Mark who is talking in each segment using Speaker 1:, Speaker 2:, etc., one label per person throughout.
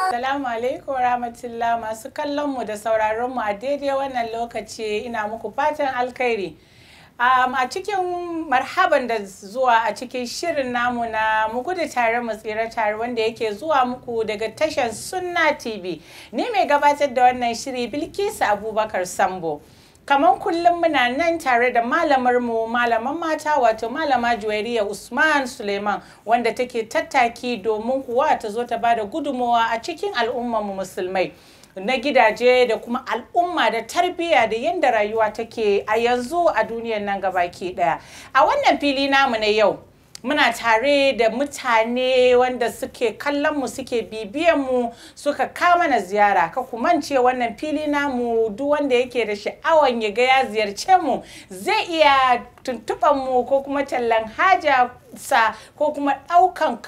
Speaker 1: Salamu alaikum rahmatullah masu kallon mu da sauraron mu a daidai wannan lokaci ina muku fatan alkhairi. Um, a cikin marhaban da zuwa a cikin shirin namu na gudu tare mu tsira tare wanda yake zuwa muku daga tashar sunna tv ni mai gabatar da wannan shiri bilkisu abubakar sambo Kamar kullum muna nan tare da malamar mu malaman mata wato malama Juwairiya Usman Suleiman wanda take tattaki domin kuwa ta zo ta bada gudumawa a cikin al'ummar musulmai. na gidaje da kuma al'umma da tarbiyya da yadda rayuwa take a yanzu a duniyar nan gabaki daya a wannan fili namu na yau muna tare da mutane wanda suke kallon mu suke bibiyan mu suka ka mana ziyara ka kumance wannan fili namu duk wanda yake da sha'awan ya ga ya ziyarce mu zai iya tuntuɓan mu ko kuma tallan haja sa ko kuma ɗaukan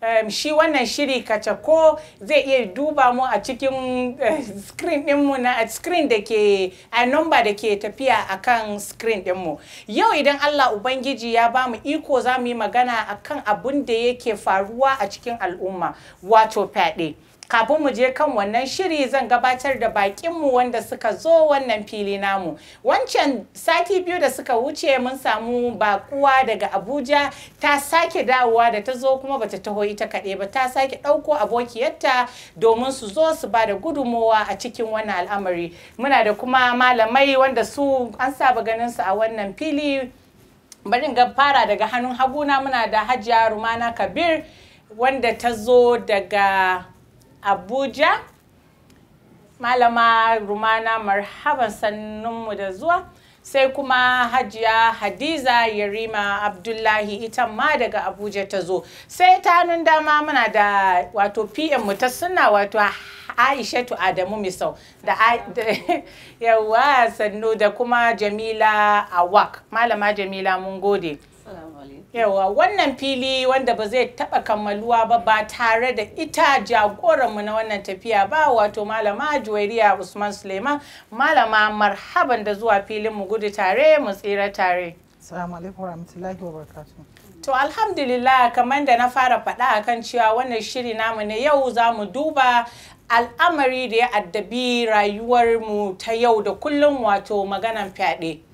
Speaker 1: Um, shi wannan shiri kace ko zai iya duba mu a cikin eh, screen dinmu na screen da ke a number da ke tafiya a kan screen ɗinmu yau idan Allah Ubangiji ya ba mu iko za mu yi magana a kan abin da yake faruwa a cikin al'umma wato fyaɗe. kafin mu je kan wannan shiri zan gabatar da bakinmu wanda suka zo wannan fili namu wancan sati biyu da suka wuce mun samu bakuwa daga abuja ta sake dawowa da ta zo kuma bata taho ita kaɗai ba ta sake ɗauko abokiyarta domin su zo su ba da gudunmowa a cikin wannan al'amari muna da kuma malamai wanda su an saba ganin su a wannan fili barin ga fara daga hannun haguna muna da hajiya rumana kabir wanda ta zo daga Abuja. Malama Rumana marhaban sannunmu da zuwa. Sai kuma Hajiya Hadiza Yarima Abdullahi ita ma daga Abuja ta zo. Sai ta nun dama muna da wato PM mu ta suna wato Aishatu Adamu Misau da yawa sannu da kuma Jamila Awak. Malama Jamila mun gode. yawa wannan fili wanda ba zai taba kammaluwa ba ba tare da ita jagoranmu na wannan tafiya ba wato malama juwairiya usman suleiman malama marhaban da zuwa filin mu gudu tare mu tsira tare salamu alaikum warahmatullahi wabarakatuh To alhamdulillah kamar da na fara faɗa akan cewa wannan shiri namu ne yau za mu duba al'amari da ya addabi rayuwarmu ta yau da kullum wato maganan fyaɗe.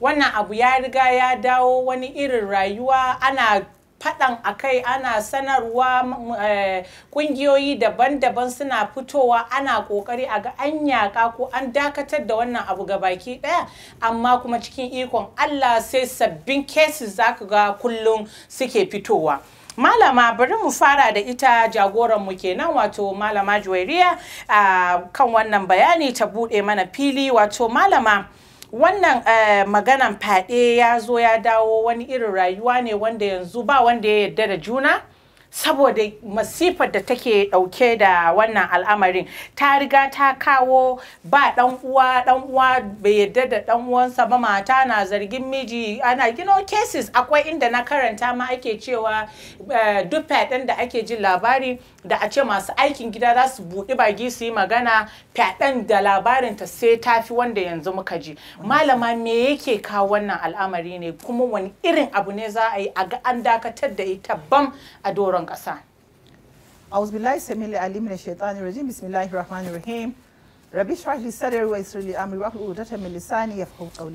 Speaker 1: wannan abu ya riga ya dawo wani irin rayuwa ana faɗan akai ana sanarwa eh, ƙungiyoyi daban-daban suna fitowa ana ƙoƙari a ga an yaƙa ko an dakatar da wannan abu ga baki ɗaya amma kuma cikin ikon Allah sai sabbin cases za ka ga kullum suke fitowa. malama bari mu fara da ita jagoran mu kenan wato malama juwairiya ah, kan wannan bayani ta buɗe mana fili wato malama wannan eh, maganan fyaɗe ya zo ya dawo wani irin rayuwa ne wanda yanzu ba wanda ya yarda da juna saboda masifar da take dauke da wannan al'amarin ta riga ta kawo ba dan uwa dan uwa bai yadda da dan uwansa ba mata na zargin miji ana you know cases akwai inda na karanta ma ake cewa eh, duk fyaɗen da ake jin labari da a ce masu aikin gida za su buɗi bagi su yi magana fyaɗen da labarin ta sai ta fi wanda yanzu muka ji malama me yake kawo wannan al'amari ne kuma wani irin abu ne za a yi a ga an dakatar da ita bam a doron kasa ƙasa auzubillahi samili
Speaker 2: ali min shaitani rajim bismillahi rahmanir rahim rabi shrah sadar wa isra'ili li amri wa hlul udatan ya lisani yafqahu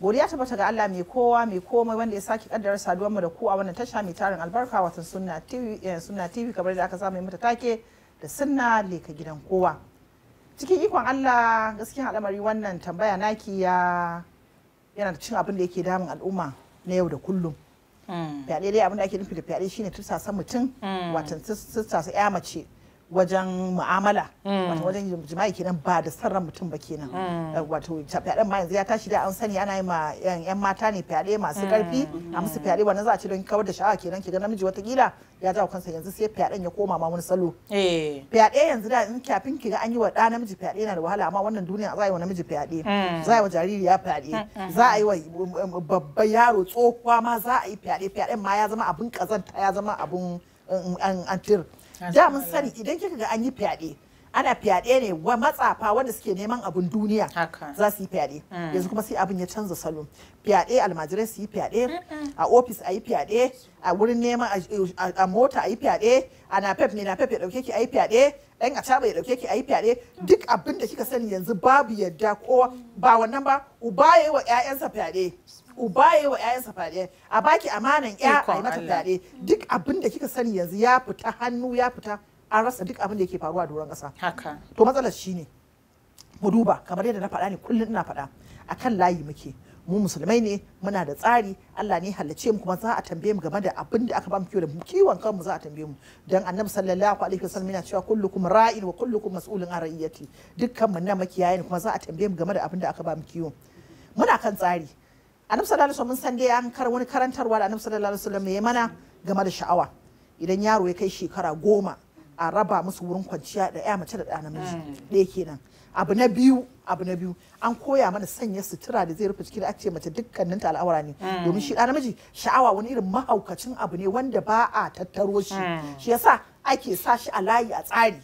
Speaker 2: godiya tabbata ga Allah mai kowa mai komai wanda ya sake kaddara saduwar mu da ku a wannan tasha mai tarin albarka watan sunna tv eh, sunna kamar da aka samu mata take da sunna leka gidan kowa cikin ikon Allah gaskiya al'amari wannan tambaya naki ya yana da cin abin da yake damun al'umma na yau da kullum Mm. fyaɗe dai abin ake nufi da fyaɗe shine tursasa mutum mm. watan tursasa ya mace wajen mu'amala mm. wato wajen jima'i kenan ba da sarran mutum ba kenan mm. wato fyaɗen ma yanzu ya tashi da an sani ana yi ma yan mata ne fyaɗe masu karfi mm. a musu fyaɗe wannan za a ci don kawar da sha'awa kenan ki ga namiji watakila ya jawo kansa yanzu sai fyaɗen ya koma ma wani salo eh. fyaɗe yanzu da in kafin ki ga an yi wa ɗa namiji fyaɗe na da wahala amma wannan duniya za a yi wa namiji fyaɗe za a yi wa jaririya fyaɗe za a yi wa um, um, babban yaro tsohuwa ma za a yi fyaɗe fyaɗen ma ya zama abin kazanta ya zama abun um, an da mun sani idan kika ga an yi fyaɗe ana fyaɗe ne wa matsafa wanda suke neman abun duniya za su yi fyaɗe mm. yanzu kuma sai abin ya canza salo fyaɗe almajirai su yi fyaɗe a ofis a yi fyaɗe a wurin neman a mota a yi fyaɗe a napep ne napep ya ɗauke ki a yi fyaɗe ɗan a ya ɗauke ki a yi fyaɗe duk abin da kika sani yanzu babu yadda ko ba wannan ba uba ya yi wa 'ya'yansa fyaɗe uba ya wa yayansa fadiya a baki amanan ƴa a yi mata daɗe duk abin da kika sani yanzu ya fita hannu ya fita an rasa duk abin da yake faruwa a doron kasa. haka to matsalar shine mu duba kamar yadda na faɗa ne kullum ina faɗa akan layi muke mu musulmai ne muna da tsari Allah ne halacce mu kuma za a tambaye mu game da abin da aka ba mu kiwo da kiwon kanmu za a tambaye mu dan annabi sallallahu alaihi wasallam yana cewa kullukum ra'in wa kullukum mas'ulun an ra'iyati dukkan mu na makiyaye kuma za a tambaye mu game da abin da aka ba mu kiwo muna kan tsari annabi sallallahu alaihi wasallam san dai an kar wani karantarwa da annabi sallallahu alaihi wasallam ya mana game da sha'awa idan yaro ya kai shekara goma a raba musu wurin kwanciya da ya mace da ɗa namiji hmm. ɗaya kenan abu na biyu abu na biyu an koya mana sanya sutura da zai rufe ciki da ake mace dukkanin ta al'aura ne hmm. domin shi ɗa namiji sha'awa wani irin mahaukacin abu ne wanda ba a tattaro shi hmm. shi yasa ake sa shi a layi a tsari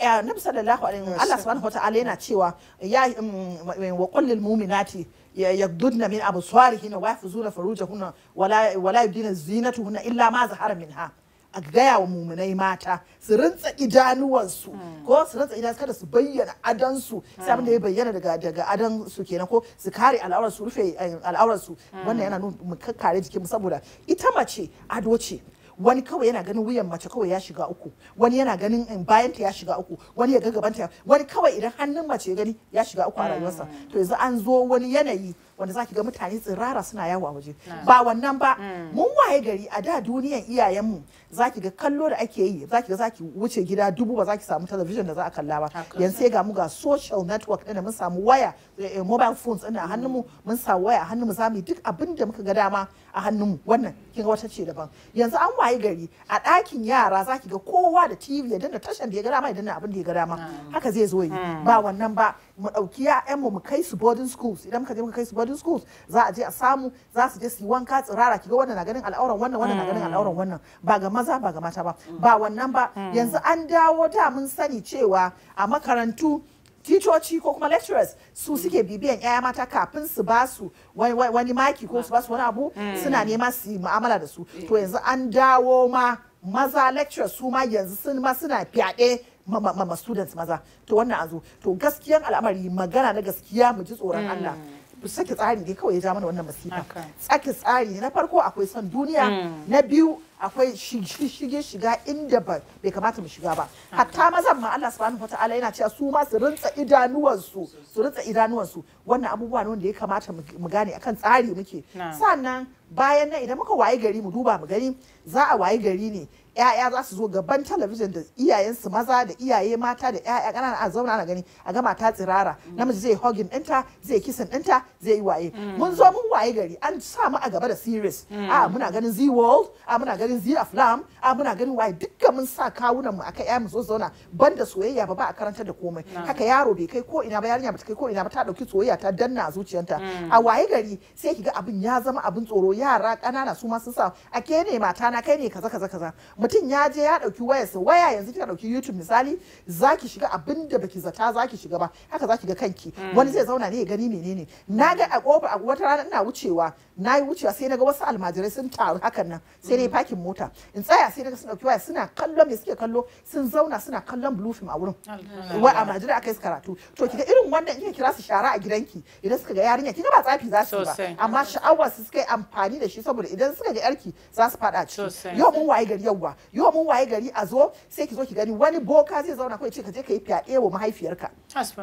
Speaker 2: eh, nabi sallallahu alaihi wa Allah subhanahu wa ta'ala yana cewa ya um, wa qul lil mu'minati يغضضن من أبصارهن ويحفظون فروجهن ولا ولا zinatu زينتهن illa ما ظهر منها a gaya wa mumunai mata su rintsa idanuwansu ko su rintsa idanuwansu kada su bayyana adansu sai abin ya bayyana daga daga adan kenan ko su kare al'aurar rufe al'aurar su wannan yana nuna mu kare jikinmu saboda ita mace ado ce wani kawai yana ganin wuyan mace kawai ya shiga uku wani yana ganin eh, bayanta ya shiga uku wani ya ga gabanta wani kawai idan hannun mace ya gani ya shiga uku a rayuwarsa mm. to yanzu an zo wani yanayi wanda ki ga mutane tsirara suna yawo a waje mm. ba wannan ba mm. mun waye gari a da duniyan mu. zaki ga kallo da ake yi zaki ga zaki wuce gida dubu ba za ki samu talabijin da za a kalla ba yanzu sai ga mu ga social network ɗin mun samu waya eh, eh, mobile phones ɗin a hannunmu mun samu waya a hannunmu za mu duk abin da muka ga dama a hannunmu wannan kin wata ce daban yanzu an waye gari a dakin yara zaki ga kowa da TV ya danna tashan da ya ga dama ya danna abin da ya ga dama hmm. haka zai zo yi hmm. ba wannan ba mu ɗauki ƴaƴanmu mu kai su boarding schools idan muka je muka kai su boarding schools za a je a samu za su je su yi wanka tsirara kiga wannan na ganin al'auran wannan wannan na ganin al'auran wannan ba ga maza ba ga mata ba ba wannan ba hmm. yanzu an dawo da mun sani cewa a makarantu ticoci ko kuma lecturers su hmm. suke bibiyan 'ya'ya mata kafin su ba su wani maki ko su ba su wani abu hmm. suna nema su mu'amala da su to yanzu an dawo ma maza lecturers su ma yanzu sun ma suna fyaɗe ma students maza to wannan an to gaskiyan al'amari magana na gaskiya mu ji tsoron Allah sake tsari ne kawai ya ja mana wannan masifa tsaki tsari na farko akwai son duniya hmm. na biyu akwai shige shiga inda ba bai kamata mu shiga ba hatta mazan ma Allah subhanahu wataala yana cewa su ma su rinsa idanuwansu su rinsa idanuwansu wannan abubuwa ne wanda ya kamata mu gane akan tsari muke sannan bayan nan idan muka waye gari mu duba mu gani za a waye gari ne 'ya'ya za su zo gaban talabijin da iyayensu maza da iyaye mata da 'ya'ya ƙanana a zauna na gani a gama ta tsirara namiji zai hogin ɗinta zai kisan ɗinta zai yi waye mm. mun zo mun waye gari an sa mu a gaba da series mm. a ah, muna ganin z world a ah, muna ganin z aflam a ah, muna ganin waye dukkan mun sa kawunan mu aka ya mu zo zauna banda soyayya ba ba a karanta da komai haka yaro bai kai ko ina ba yarinya ba ta kai ko ina ba ta dauki soyayya ta danna a zuciyanta mm. a waye gari sai ki ga abin ya zama abin tsoro yara ƙanana su ma sun sa a ke ne mata na kai ne kaza kaza kaza mutum ya je ya dauki sa waya yanzu kika dauki youtube misali zaki shiga abin da baki zata zaki shiga ba haka zaki ga kanki mm. wani zai zauna ne ya gani menene na ga a kofa a wata rana ina wucewa na yi wucewa sai na ga wasu almajirai sun taru hakan nan sai dai mm. pakin mota in tsaya sai naga sun dauki waya suna kallon me suke kallo sun zauna suna kallon blue a wurin wa almajirai akai su karatu to kiga irin wannan kika kira su shara a gidanki idan suka ga yarinya kiga ba tsafi za su ba amma sha'awar su suka yi amfani da shi saboda idan suka ga yarki za su fada ciki yau mun waye gari yauwa yau mun waye gari a zo sai ki zo ki gani wani boka zai zauna kawai ce ka je ka yi fyaɗe wa mahaifiyarka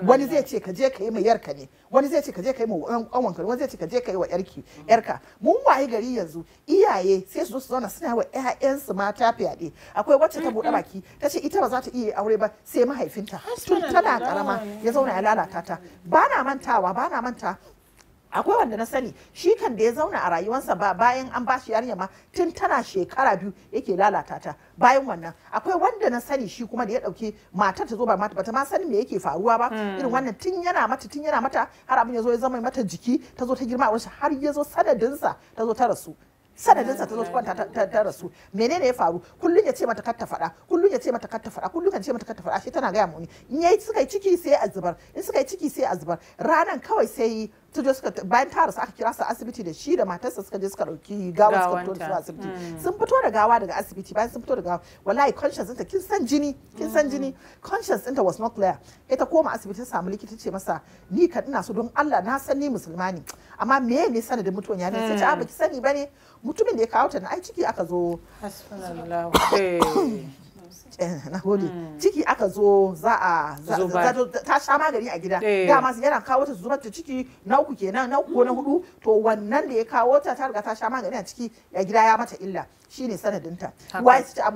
Speaker 2: wani zai ce ka je ka yi ma yarka ne wani zai ce ka je ka yi ma wani zai ce ka je ka yi wa yarki yarka mun waye gari yanzu iyaye sai su zo su zauna suna wa ƴaƴansu mata fyaɗe akwai wacce ta buɗe baki ta ce ita ba za ta iya aure ba sai mahaifinta tun tana karama ya zauna ya lalata ta bana mantawa bana manta akwai wanda na sani shi kan da ya zauna a rayuwarsa ba bayan an bashi yarinya ma tun tana shekara biyu yake lalata ta bayan wannan akwai wanda na sani shi kuma da ya dauke matar ta zo ba mata bata ma sani me yake faruwa ba hmm. irin wannan tun yana mata tun yana mata har abin ya zo ya zama mata jiki ta zo ta girma a wurin har ya zo sanadinsa ta zo ta rasu sanadinsa ta zo kwanta ta rasu menene ya faru kullum ya ce mata kar ta faɗa kullum ya ce mata kar ta faɗa kullum ya ce mata kar ta faɗa ashe tana gaya muni in yayi suka yi ciki sai ya zubar in suka yi ciki sai ya zubar ranan kawai sai ta je suka bayan ta rasu aka kira su asibiti da shi da matarsa suka je suka dauki gawa suka fito da asibiti hmm. sun fito da gawa daga asibiti bayan sun fito da gawa wallahi conscience ɗinta kin san jini kin san jini hmm. conscience ɗinta was not clear ita koma asibiti ta samu likita ce masa ni ka ina so don Allah na san ni musulma ne amma me ne sanadin mutuwan ya sai ta ah, hmm. ba ki sani bane mutumin da ya kawo ta na ai ciki aka zo Eh, na gode hmm. ciki aka zo za a ta sha magani a gida eh. dama yana kawo ta zubar ta ciki na uku kenan na uku na hudu to wannan da ya kawo ta ta riga ta sha magani a ciki a gida ya mata illa shine sanadinta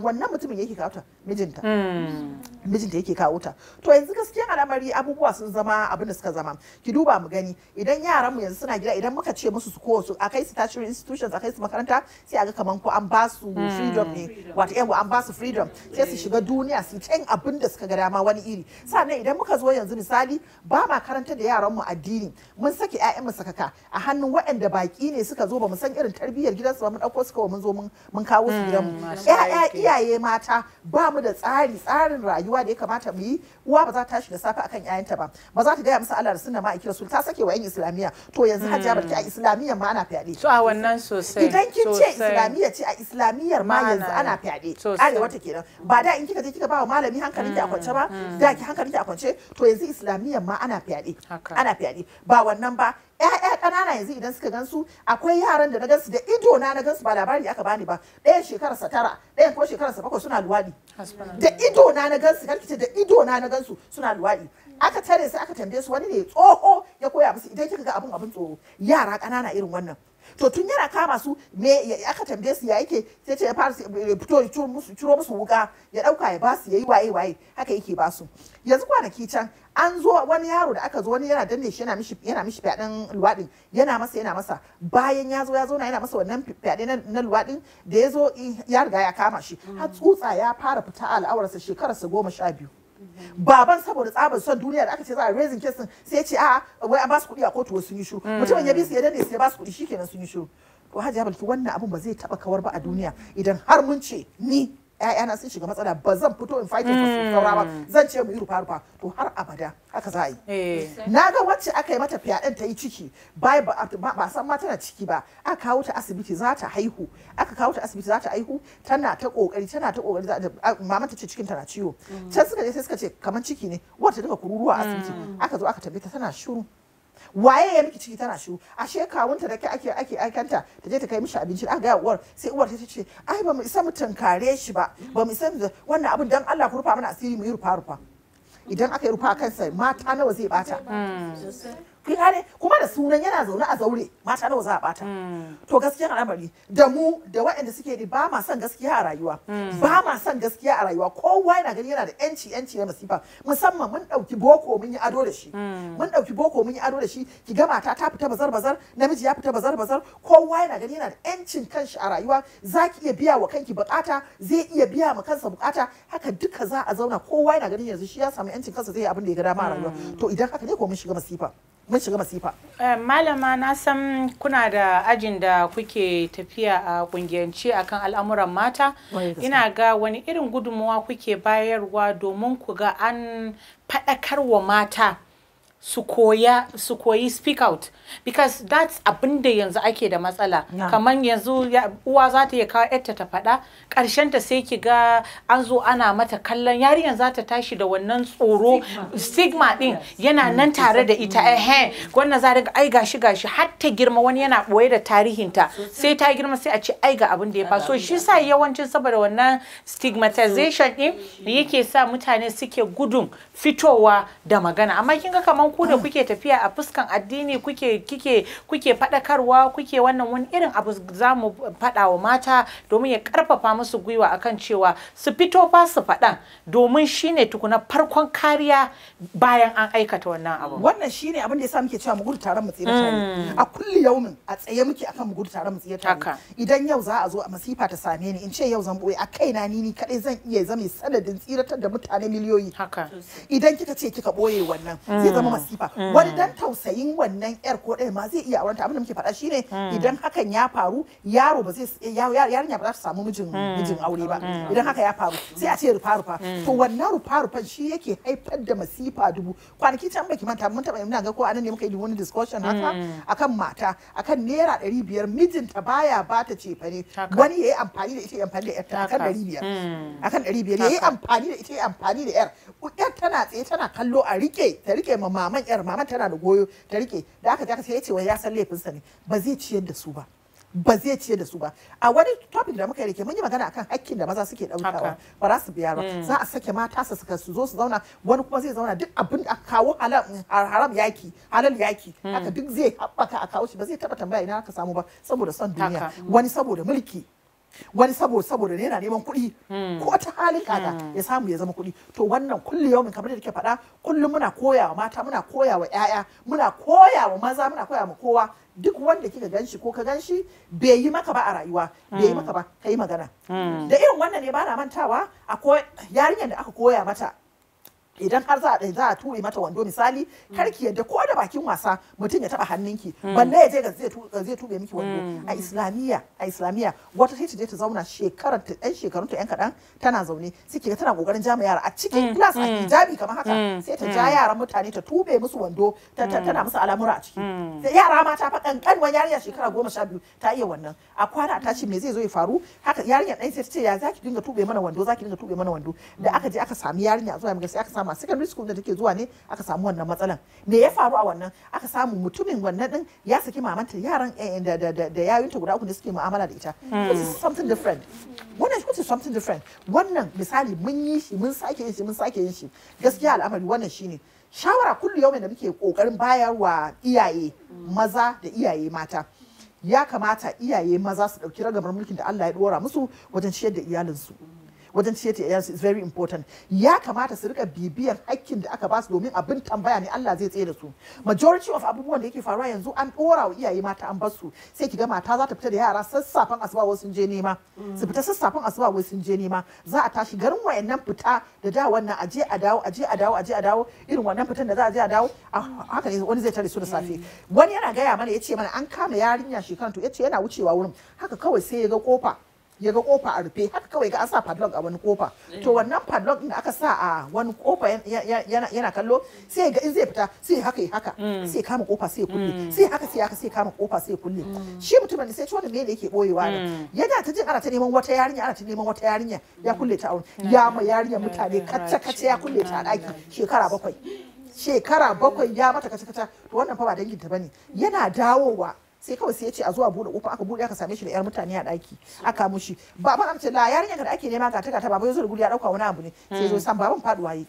Speaker 2: wannan mutumin yake kawo ta mijinta
Speaker 3: hmm.
Speaker 2: mijinta yake kawo ta to yanzu gaskiyan al'amari abubuwa sun zama abin da suka zama ki duba mu gani idan yaran mu yanzu suna gida idan muka ce musu su ko su kai su tertiary institutions kai su makaranta sai ga kaman ko an ba su hmm. freedom ne wato yawa an ba su freedom sai su shiga duniya su ta abin da suka ga dama wani iri sannan idan muka zo yanzu misali ba ma karanta da yaran mu addini mun saki ƴaƴan mu sakaka a hannun waɗanda baki ne suka zo ba mu san irin tarbiyyar gidansu ba mun dauko suka mun zo mun kawo su mm, gidanmu ya'ya iyaye mata ba mu da tsari tsarin rayuwa da ya kamata mu yi uwa ba za ta tashi da safe akan ƴaƴanta ba ba za ta gaya musu Allah da sunna ma rasul ta sake wa ƴan islamiyya to yanzu hajja barki a mm. islamiyya ma ana fyaɗe
Speaker 1: to a wannan sosai idan kin ce islamiyya
Speaker 2: ce a islamiyar ma yanzu ana fyaɗe arewa ta kenan ba da in kika je kika ba wa malami hankalin ki a kwance ba mm, da ki hankalin ki a kwance to yanzu islamiyar ma ana fyaɗe ana fyaɗe ba wannan ba ƴaƴa ƙanana yanzu idan suka gansu akwai yaran da na gansu da ido na na gansu ba labari aka bani ba ɗaya shekarar sa tara ɗaya ko shekara sa bakwai suna luwaɗi da ido na na gansu karkice da ido na na gansu suna luwaɗi aka tare su aka tambaye su wani ne tsoho ya koya musu idan kika ga abun abun tsoro yara ƙanana irin wannan to tun yana kama su me ya aka tambaye su ya yake sai ce ya fara fito ya ciro musu wuka ya dauka ya basu yayi waye waye haka yake basu yanzu kwanaki can an zo wani yaro da aka zo wani yana danne shi yana mishi yana mishi fyaɗen luwaɗin yana masa yana masa bayan ya zo ya zo na yana masa wannan fyaɗe na luwaɗin da ya zo ya riga ya kama shi har tsutsa ya fara fita al'aurarsa shekararsa goma sha biyu baban saboda tsabar son duniya da aka ce za a raising case sai ya ce a ah, wai an ba su kuɗi a kotu sun yi shiru mm. mutumin ya bi su ya dade su ya ba su kuɗi shikenan sun yi shiru to hajiya balki wannan abun ba zai taba kawar ba a duniya idan har mun ce ni Ƴaƴana sun shiga matsala ba zan fito in fight for mm. saura ba zan ce mu yi rufa rufa to har abada haka za a yi
Speaker 1: eh. na
Speaker 2: ga wacce aka yi mata fyaɗen ta yi ciki ba san ma tana ciki ba aka kawo ta asibiti za ta haihu aka kawo ta asibiti za ta haihu tana ta kokari tana ta kokari mama ta ce cikin tana ciwo mm. can suka je sai suka ce kamar ciki ne wata daga kururuwa asibiti mm. aka zo aka tambaye ta tana shiru waye ya miki ciki tana shiru ashe kawunta da ake ake aikanta ta je ta kai mishi abinci aka ga uwar sai uwar ta ce ai ba mu isa mu tunkare shi ba ba mu isa wannan abin dan Allah ku rufa mana asiri mu yi rufa rufa idan aka yi rufa kansa mata nawa zai bata hmm. kai gane kuma da sunan yana zaune a zaure mata nawa za a bata mm. to gaskiyar al'amari da mu da waɗanda suke da ba ma son gaskiya a rayuwa mm. ba ma son gaskiya a rayuwa kowa yana gani yana da yanci yanci na masifa musamman mun ɗauki boko mun yi ado da shi mm. mun ɗauki boko mun yi ado da shi ki ga mata ta fita bazar bazar namiji ya fita bazar bazar kowa yana gani yana da yancin kanshi a rayuwa zaki iya biya wa kanki bukata zai iya biya ma kansa bukata haka duka za a zauna kowa yana gani yanzu shi ya samu yancin kansa zai yi abin da ya ga dama a rayuwa to idan haka ne ko mun shiga masifa mun shiga masifa
Speaker 1: eh, malama na san kuna da ajin da kuke tafiya a kungiyance akan al'amuran mata ina ga wani irin gudunmawa kuke bayarwa domin ku ga an faɗakarwa mata su koya su koyi speak out because that's abinda yanzu ake da matsala yeah. kamar yanzu uwa za ta iya kawo yarta ta faɗa karshen ta sai ki ga an zo ana mata kallon yarinyar za ta tashi da wannan tsoro stigma din yana mm. nan tare da ita eh wannan za ga ai gashi gashi har ta girma wani yana boye da tarihinta sai ta girma sai a ce ai ga abinda da ya faso shi sa yawancin saboda wannan stigmatization din yake sa mutane suke gudun fitowa da magana amma kin ga kamar ku da kuke tafiya a fuskan addini kuke kike kuke faɗakarwa kuke wannan wani irin abu za mu wa mata domin ya karfafa musu gwiwa akan cewa su fito fa su fada domin shine tukuna farkon kariya bayan an aikata wannan abu wannan shine abin da yasa muke cewa mu gudu
Speaker 2: tare mu tsira mm. a kulli yaumin a tsaye muke akan mu gudu tare mu tsira ta idan yau za a zo a masifa ta same ni in ce yau zan boye a kaina ni ni kadai zan iya zama sanadin tsiratar da mutane miliyoyi haka idan kika ce kika boye wannan zai mm. zama masifa mm. wani dan tausayin wannan yar ko ɗaya ma zai iya auren ta abin da muke faɗa shine mm. idan hakan ya faru yaro ba zai yarinya ba za ta samu mijin mm. mijin aure ba idan haka ya faru sai a ce rufa rufa to wannan rufa rufan shi yake haifar da masifa dubu kwanaki can baki manta mun taɓa ina ga ko anan ne muka yi wani discussion haka akan mata akan naira ɗari biyar mijinta baya ba ta cefa ne wani ya yi amfani da ita ya amfani da yarta akan ɗari biyar akan ɗari biyar ya yi amfani da ita ya amfani da yar yar tana tsaye tana kallo a rike ta rike ma mama maman yar maman tana da goyo ta rike da aka ta sai ya ce wa ya san laifinsa ne ba zai ciyar da su ba ba zai ciyar da su ba a wani topic da muka yi mun yi magana akan hakkin da maza suke daukawa ba za su biya ba mm. za a sake mata su suka su zo su zauna wani kuma zai zauna duk abin da aka kawo mm, haram yaki halal yaki mm. haka duk zai haɓaka a kawo shi ba zai taba tambaya ina ka samu ba saboda son duniya wani saboda mulki wani saboda yana neman kuɗi hmm. ko ta halin kaga hmm. ya samu ya zama kuɗi to wannan kulli yau kamar da kake faɗa kullum muna koyawa mata muna koyawa ƴaƴa muna koyawa maza muna koyawa kowa duk wanda kika ganshi ko ka ganshi bai yi maka ba a rayuwa bai yi hmm. maka ba ka magana da irin wannan ne ba na mantawa akwai yarinyar da aka koya mata idan har za a za ture mata wando misali kar ki yadda ko da bakin wasa mutum ya taba hannunki hmm. balle ya je ga zai tube miki wando hmm. a islamiyya a islamiyya wata sai ta je ta zauna shekarar ta ɗan shekarun ta yan kaɗan tana zaune sai ga tana kokarin jama yara a cikin hmm. class a hijabi kamar haka sai ta ja yaran mutane ta tube musu wando tana musu alamura a ciki sai yara ma mata fa kankan wani yarinya shekara goma sha biyu ta iya wannan a kwana ta ce me zai zo ya faru haka yarinya ɗan sai ta ce ya zaki dinga tube mana wando zaki dinga tube mana wando da aka je aka sami yarinya zuwa mu sai aka kama secondary school da take zuwa ne aka samu wannan matsalan me ya faru a wannan aka samu mutumin wannan din ya saki mamanta yaran eh, eh, da yayinta guda uku da suke mu'amala da ita this hmm. is something different wannan which is something different wannan misali mun yi shi mun sake yin shi mun sake yin shi gaskiya al'amari wannan shine shawara kullu yau da muke kokarin bayarwa iyaye maza da iyaye mata ya kamata iyaye maza su ɗauki ragamar mulkin da Allah ya ɗora musu wajen ciyar da iyalinsu. wajen ciyar ta is very important ya kamata su rika bibiyar hakkin da aka basu domin abin tambaya ne Allah zai tsaye da su majority of abubuwan da yake faruwa yanzu an dora wa iyaye mata an basu sai ki ga mata za ta fita da yara sassafen asuba wasu sun je nema su fita sassafen asuba wasu sun je nema za a tashi garin wayannan fita da da wannan aje a dawo aje a dawo aje a dawo irin wannan fitan da za a je a dawo ah, haka ne wani zai tare su da safe wani yana gaya mana yace mana an kama yarinya shekaran to yace yana wucewa wurin haka kawai sai ya ga kofa ya ga kofa a rufe haka kawai ga an sa padlock a wani kofa to wannan padlock in aka sa a wani kofa yana kallo sai ga in zai fita sai haka ya haka mm. sai kama kofa sai kulle mm. sai haka sai haka sai kama kofa sai kulle mm. shi mutumin sai tuwa me da yake boyewa ne yana ta jin ana ta neman wata yarinya ana ta neman wata yarinya ya kulle ta ya ma yarinya mutane kacce kacce ya kulle ta a daki shekara bakwai shekara bakwai ya mata kacce kacce to wannan fa ba dangin ta bane yana dawowa sai kawai sai ya ce a zuwa bude kofa aka bude aka same shi da yar mutane a daki aka mushi baban amce la yarinya da ake nema ga ta ta baba yazo da guri ya dauka wani abu ne sai zo san baban faduwa yi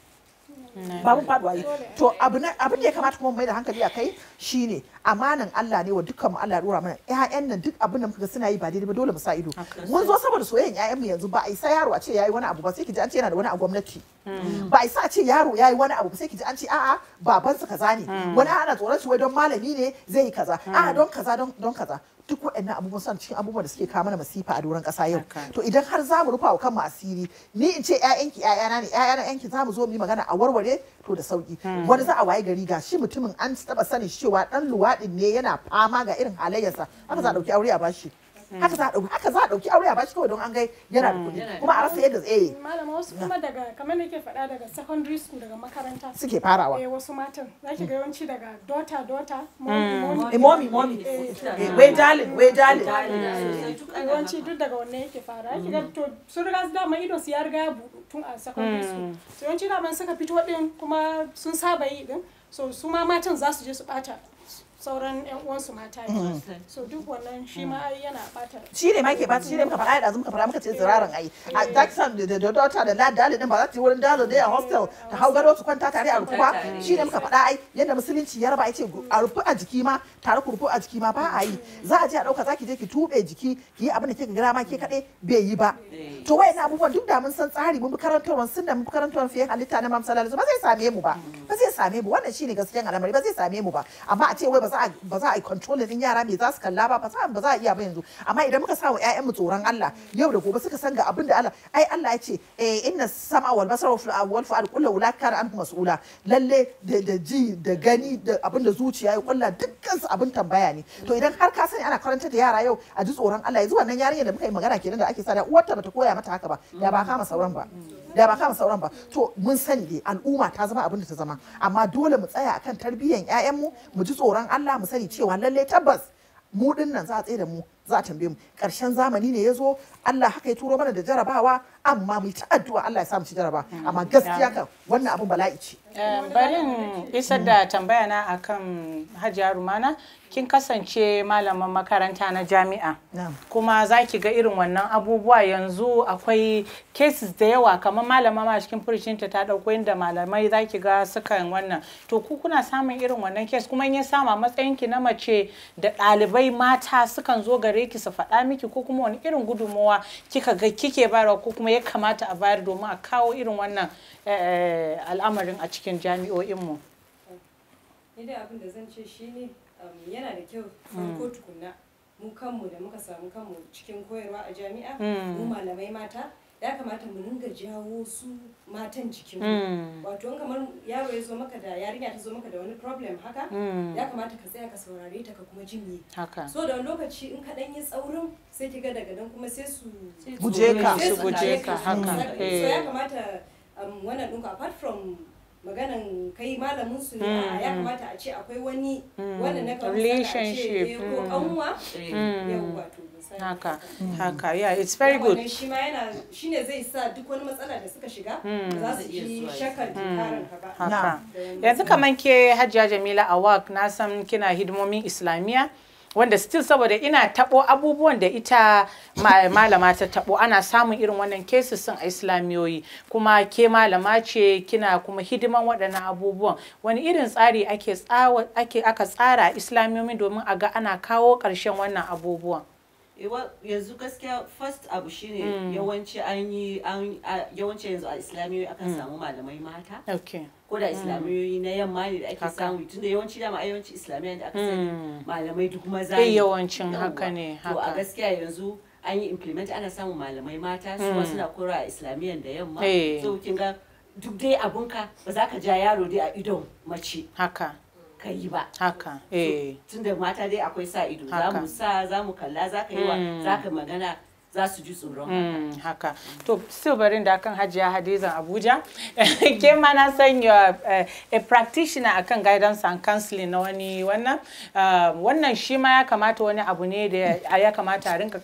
Speaker 2: babu faduwa yi to abin da ya kamata kuma mai da hankali a kai shine amanan Allah ne wa dukkan mu Allah ya mana ƴaƴan nan duk abin da muka suna yi ba daidai ba dole mu sa ido mun zo saboda soyayyan ƴaƴan mu yanzu ba a isa yaro a ce yayi wani abu ba sai ki ji an ce yana da wani a gwamnati hmm. ba a isa a ce yaro yayi wani abu sai ki ji an ce a'a baban sa kaza ne hmm. wani ana tsoron shi wai don malami ne zai yi kaza hmm. a'a don kaza don kaza duk waɗannan abubuwan son cikin abubuwan da suke kawo mana masifa a doron ƙasa yau to idan har za mu rufa wa kanmu asiri ni in ce ƴaƴanki ƴaƴana ne ƴaƴana ƴanki za mu zo mu yi magana a warware fito da sauki hmm. wani za a waye gari ga shi mutumin an taba sanin cewa dan luwaɗin ne yana fama ga irin halayyarsa haka za a ɗauki aure a bashi Mm. haka za a dauki haka za a dauki aure a bashi kawai don an gai yana da mm. kuɗi kuma a rasa yadda eh
Speaker 3: malama wasu kuma daga kamar nake faɗa daga secondary school daga makaranta suke farawa eh wasu matan zaki mm. ga yawanci daga daughter daughter mommy mommy mommy eh, eh, eh, wai darling wai darling yawanci duk daga wannan yake fara zaki ga to sun riga su dama ido su ya riga ya buɗu tun a secondary school so yawanci daman suka fito din kuma sun saba yi din so su ma matan za su je su ɓata sauran yan uwansu mata ne mm-hmm. so duk wannan shi ma yana bata mm-hmm. shi ne ma ke bata shi ne muka faɗa da
Speaker 2: muka faɗa muka ce ziraran ai a taxan da da daughter da lad dalil din ba za ta yi wurin dalil dai a hostel mm-hmm. ta hau gado su kwanta tare a rufu ba shi ne muka faɗa ai yadda musulunci ya raba ai ce a rufu a jiki ma tare ku rufu a jiki ma ba a yi za a je a ɗauka za ki je ki tuɓe jiki ki yi abin da ke gara ma ke kaɗai bai yi ba to wai wayannan abubuwan duk da mun san tsari mun bi karantarwar sunna mun bi karantarwar fiye halitta na mamsalalisu ba zai same mu ba ba zai same mu wannan shine gaskiyan al'amari ba zai same mu ba amma a ce wai ba ba za a yi controlling din yara mai za su kalla ba ba za a iya ba yanzu amma idan muka sa wa mu tsoron Allah yau da gobe suka san ga abin Allah ai Allah ya ce eh, inna sama wal basara wal fu'ad kullu ulaka an mas'ula lalle da ji da gani da abin zuciya ya kulla dukkan su abin tambaya ne to idan har ka sani ana karanta da yara yau a ji tsoron Allah yanzu wannan yarinya da muka yi magana kenan da ake sa da uwarta bata koya mata haka ba da ba kama sauran ba da ba kama sauran ba to mun sani al'umma ta zama abin ta zama amma dole mu tsaya akan tarbiyyan 'ya'yanmu mu ji tsoron Allah mu sani cewa lalle tabbas mu dinnan za a tsaye da mu za a tambaye mu karshen zamani ne ya zo Allah haka ya turo mana da jarabawa amma mu ta addu'a Allah ya sa mu ci jaraba amma gaskiya kan
Speaker 1: wannan abin bala'i ce eh, barin isar da tambaya na akan Hajiya Rumana kin kasance malaman makaranta na jami'a kuma zaki ga irin wannan abubuwa yanzu akwai cases da yawa kamar malama ma cikin furcinta ta dauko inda malamai zaki ki ga sukan wannan to ku kuna samun irin wannan case kuma in ya sama matsayin ki na mace da ɗalibai mata sukan zo gari gare ki su faɗa miki ko kuma wani irin gudunmawa kika ga kike bayarwa ko kuma ya kamata a bayar domin a kawo irin wannan eh, al'amarin a cikin jami'o'inmu.
Speaker 3: Ni zan ce um, yana da kyau mm. ko tukunna mu kanmu da muka samu kanmu cikin koyarwa a jami'a mm. mu malamai mata ya kamata mu dinga jawo su matan jikin mm. wato kamar yaro ya zo maka da yarinya ta zo maka da wani problem haka mm. ya kamata ka tsaya ka saurare ta ka kuma jinye so da wani lokaci in ka dan yi tsaurin sai ki ga daga nan kuma sai su guje ka su guje ka haka so ya eh. kamata um, wannan din apart from maganan kai malamin su ne hmm, ya hmm. kamata a ce akwai wani hmm, wanda na ce ne eh, ko kanwa yawwa to haka
Speaker 1: haka yeah it's very good
Speaker 3: shi ma yana shine zai sa duk wani matsala da suka shiga za su yi shakar karin ka
Speaker 1: ba yanzu kaman ke Hajiya Jamila Awak na san kina hidimomin Islamiyya wanda still saboda ina tabo abubuwan da ita malama ta tabo ana samun irin wannan cases sun a islamiyoyi kuma ke malama ce kina kuma hidiman waɗannan abubuwan wani irin tsari ake ake aka tsara islamiyoyi domin a ga ana kawo ƙarshen wannan abubuwan
Speaker 3: yanzu gaskiya first abu shine mm. yawanci an yi yawanci yanzu a islamiyoyi akan mm. samu malamai mata
Speaker 1: ko da mm. islamiyoyi
Speaker 3: na yamma ne da ake samu tunda yawanci dama yawanci islamiyoyi da aka sani malamai duk maza ne yawancin haka ne haka to a gaskiya yanzu an yi implement ana samun malamai mata su ma suna kora a islamiyan da yamma eh. so kin ga duk dai abunka ba za ka ja yaro dai a idon mace haka ka yi ba
Speaker 1: haka eh. tunda mata dai akwai sa ido za sa zamu kalla za ka yi wa mm. za magana za su ji tsoron mm, haka to still barin da kan hajiya hadizan abuja ke ma na sanya eh, a practitioner akan guidance and counseling na wani wannan eh, wannan shi ma ya kamata wani abu ne da ya kamata a rinka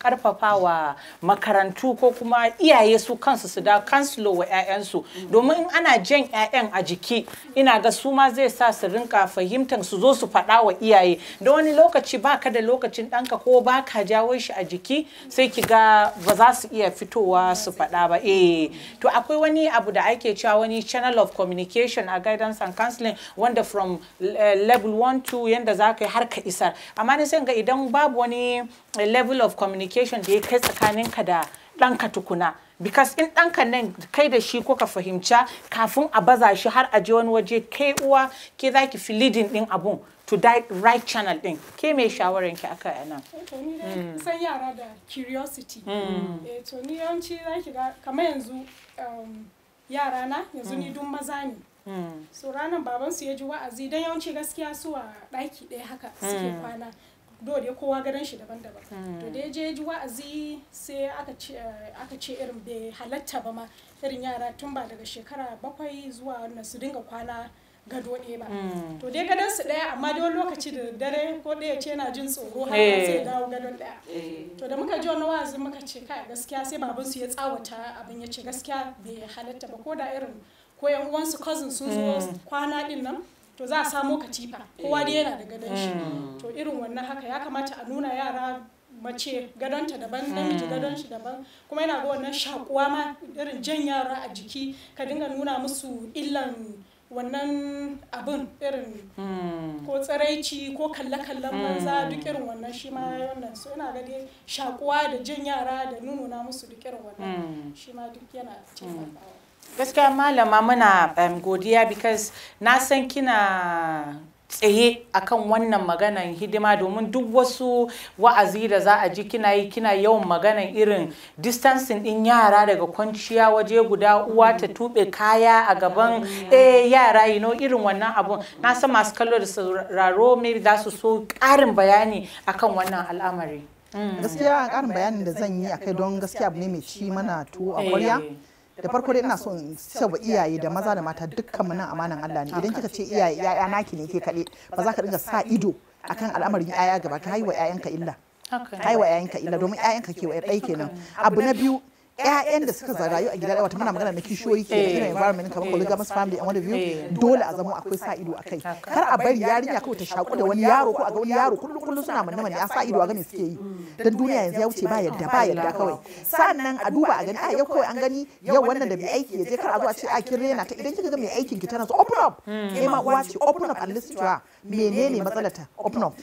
Speaker 1: wa makarantu ko kuma iyaye su kansu su da kansilo wa 'ya'yansu domin in ana jan 'ya'yan a jiki ina ga su ma zai sa su rinka fahimtar su zo su faɗa wa iyaye da wani lokaci ba ka da lokacin ɗanka ko ba ka jawo shi a jiki sai ki ga ba za su iya fitowa su faɗa ba eh to akwai wani abu da ake cewa wani channel of communication a guidance and counseling wanda from eh, level 1 to yanda za ka yi har ka isa amma ni sai ga idan babu wani eh, level of communication da ya kai ka da ɗanka tukuna because in ɗanka nan kai da shi ko ka fahimta kafin a baza shi har a je wani waje kai uwa ke za ki fi leading ɗin abun to that right channel din ke mai shawaran ki aka yana
Speaker 3: eh, to ni mm. san yara da curiosity mm. eh to ni yawanci zaki ga kamar yanzu um, yara na yanzu ni mm. dun maza ne so ranan baban su ya ji wa'azi dan yawanci gaskiya su a daki ɗaya haka suke kwana do dai kowa gadon shi daban-daban to dai je ji wa'azi sai eh, aka ce irin bai halatta ba ma irin yara tun ba daga shekara bakwai zuwa wannan su dinga kwana gado ɗaya ba mm. to dai gadon su ɗaya amma dai wani lokaci da dare ko ɗaya ce yana jin tsoro har eh. ya zai dawo gadon ɗaya eh. to da muka ji wani wa'azi muka ce kai gaskiya sai baban su ya tsawata abin ya ce gaskiya bai halatta ba ko da irin ko ƴan uwansu cousin sun zo mm. kwana ɗin nan to za a samo katifa kowa dai yana da gadon shi mm. to irin wannan haka ya kamata a nuna yara mace gadonta daban namiji gadon shi daban kuma yana ga wannan shakuwa ma irin jan yara a jiki ka dinga nuna musu illan wannan abin irin hmm. ko tsiraici ko kalle-kallen manza hmm. duk irin wannan shi ma wannan so yana gade shakuwa da jin yara da nununa musu duk irin wannan hmm. shi ma duk yana
Speaker 1: taimakawa gaskiya malama muna um, godiya because na san kina tsaye akan wannan maganan hidima domin duk wasu wa'azi da za a ji kina yi kina yawan maganan irin distancing din yara daga kwanciya waje guda uwa ta tube kaya a gaban eh yara yi irin wannan abun na san masu kallo da sauraro mai za su so karin bayani akan wannan al'amari mm. gaskiya
Speaker 2: karin bayanin da zan yi akai don gaskiya abu ne mai ci mana tuwo a kwarya eh. da farko dai ina so in iyaye da maza da mata dukkan mu nan amanan Allah ne idan kika ce iyaye yaya naki ne ke kade ba za ka dinga sa ido akan al'amarin yaya gaba ka haiwa yayanka illa haiwa yayanka illa domin yayanka ke wa ɗai kenan abu na biyu ƴaƴan da suka zarayu a gida wata muna magana na kishiyoyi ke irin environment kamar polygamous family and one of you dole a zama akwai sa ido akai kar a bari yarinya kawai ta shaku da wani yaro ko a ga wani yaro kullum kullum suna manne manne a sa ido a gani suke yi mm. dan duniya yanzu ya wuce ba yadda ba yadda kawai sannan a duba a gani a yau kawai an gani yau wannan da mai aiki ya je kar a zo a ce a kin rena ta idan kika ga mai aikin ki tana so open up kai ma uwa ce open up and listen to her menene matsalata open up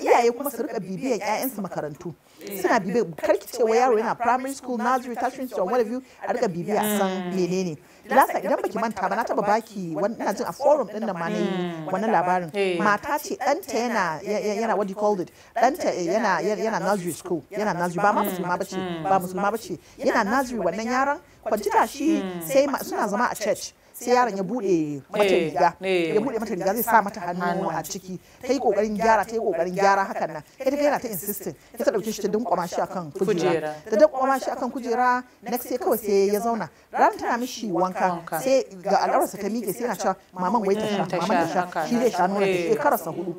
Speaker 2: iyaye kuma su rika bibiyar ƴaƴansu makarantu suna bibiyar karki cewa yaro yana primary school nursery tertiary school what have you a rika bibiya san menene lasa idan baki manta ba na taba baki wani ina jin a forum din da ma na hmm. wannan labarin mata ce danta yana yana what you call it danta eh, yana yana nursery school yana nursery ba ma musulma bace ba musulma bace yana nursery wannan yaron kwanci shi hmm. sai suna zama a church sai yaron ya bude eh, mata riga eh, ya bude mata riga zai sa mata hannu a ciki ta yi kokarin gyara ta yi kokarin gyara hakan nan ita yana ta insisting ita dauke shi ta dinkwama shi akan kujera ta dinkwama shi akan kujera next sai kawai sai ya zauna ran tana mishi wanka sai ga al'aurarsa ta miƙe sai yana cewa maman wai ta sha mm, maman ta sha shi zai sha nuna ta sa hudu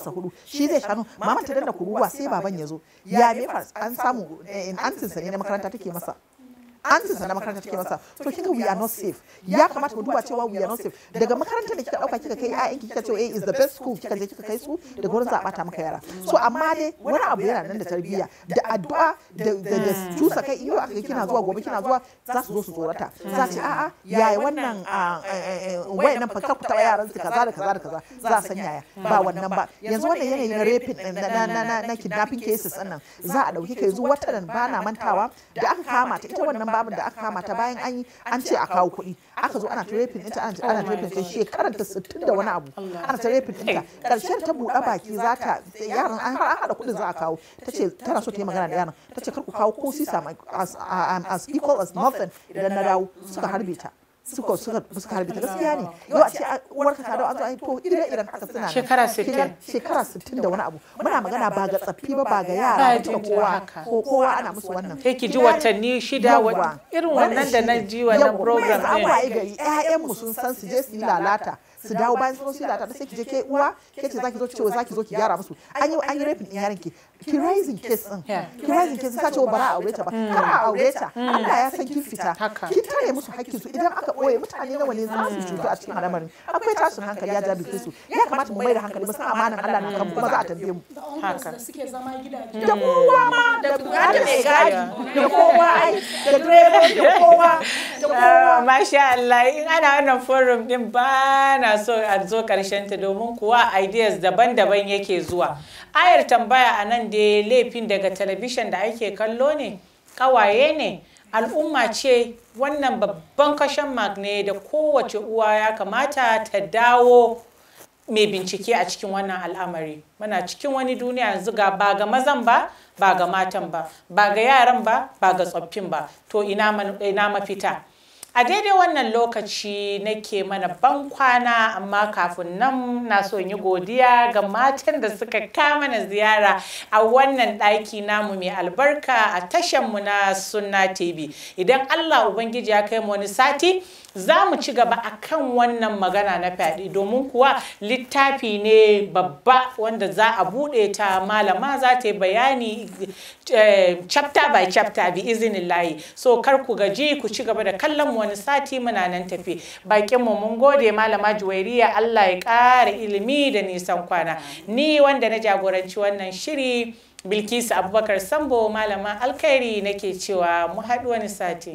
Speaker 2: sa hudu shi zai sha nuna maman ta danna kuruwa sai baban ya zo ya me an samu an eh, ne na makaranta take masa antin sa na makaranta take masa to kika we are not safe ya kamata ku duba cewa we are not safe daga makarantar da kika dauka kika kai ƴaƴan kika ce eh is the best school kika je kika kai su da gurin za a bata maka yara so amma dai wani abu yana nan da tarbiyya da addu'a da da tusa kai iyo aka kina zuwa gobe kina zuwa za su zo su tsorata za ce a'a yaya wannan wayannan fa kar ku taba yaran su kaza da kaza da kaza za a san yaya ba wannan ba yanzu wannan yanayi na raping na na na kidnapping cases din nan za a dauki kai zuwa wata nan ba na mantawa da aka kama ta ita wannan babin da aka kama ta bayan an yi an ce a kawo kuɗi aka zo ana ta ita ana ana ta shekarar ta oh sittin da wani abu ana ta ita karshen ta buɗa baki za ta yaran an an haɗa kuɗin za a kawo ta tana so ta yi magana da yaran ta ce kar ku kawo ko sisa um, as equal as nothing idan na dawo suka harbe ta suka suka suka harbi ta gaskiya ne yau a ce uwar ka kada an zo an to ire iren haka suna shekara 60 shekara 60 da wani abu muna magana ba ga tsaffi ba ba ga yara ba kowa ko kowa ana musu wannan
Speaker 1: sai ki ji watanni shida irin wannan da na ji wannan program din ai gari ƴaƴan
Speaker 2: mu sun san su je su lalata su dawo bayan sun yi lalata sai ki je ke uwa ke ce zaki zo ki ce zaki zo ki gyara musu an yi an yi rafin yaran ki ki rising kirazin din ki rising case ka ce ba a aure ta ba mm. kar a aure ta Allah ya san kin fita ki tare musu hakkin su idan aka boye mutane nawa ne za su mm. cutu a cikin al'amarin akwai tashin hankali ya jabi su ya kamata mu mai da hankali mu san amanan Allah na
Speaker 1: kan kuma za a tambaye mu mm. haka suke zama gidaje da kowa
Speaker 3: ma da da mai gadi
Speaker 1: da kowa ai da direbobi da kowa da uh, kowa masha Allah in ana wannan forum din ba na so a zo karshen ta domin kuwa ideas daban-daban yake zuwa ayar tambaya a nan da laifin daga talabishin da ake kallo ne kawaye ne al'umma ce wannan babban kashen magne da kowace uwa ya kamata ta dawo mai bincike a cikin wannan al'amari muna cikin wani duniya yanzu ga ba ga mazan ba ba ga matan ba ba ga yaran ba ba ga tsoffin ba to ina mafita A daidai wannan lokaci nake mana ban kwana amma kafin nan na so yi godiya ga matan da suka kama na ziyara a wannan ɗaki namu mai albarka a tashan mu na Sunna TV. Idan Allah Ubangiji ya kai mu wani sati za mu ci gaba a kan wannan magana na fyaɗe domin kuwa littafi ne babba wanda za a buɗe ta malama za ta yi bayani eh, chapter by chapter bi izinin layi so kar ku gaji ku ci gaba da kallon wani sati muna nan tafi bakin mu mun gode malama juwairiya Allah ya ƙara ilimi da nisan kwana ni wanda na jagoranci wannan shiri Bilkisu Abubakar Sambo malama alkairi nake cewa mu haɗu wani sati.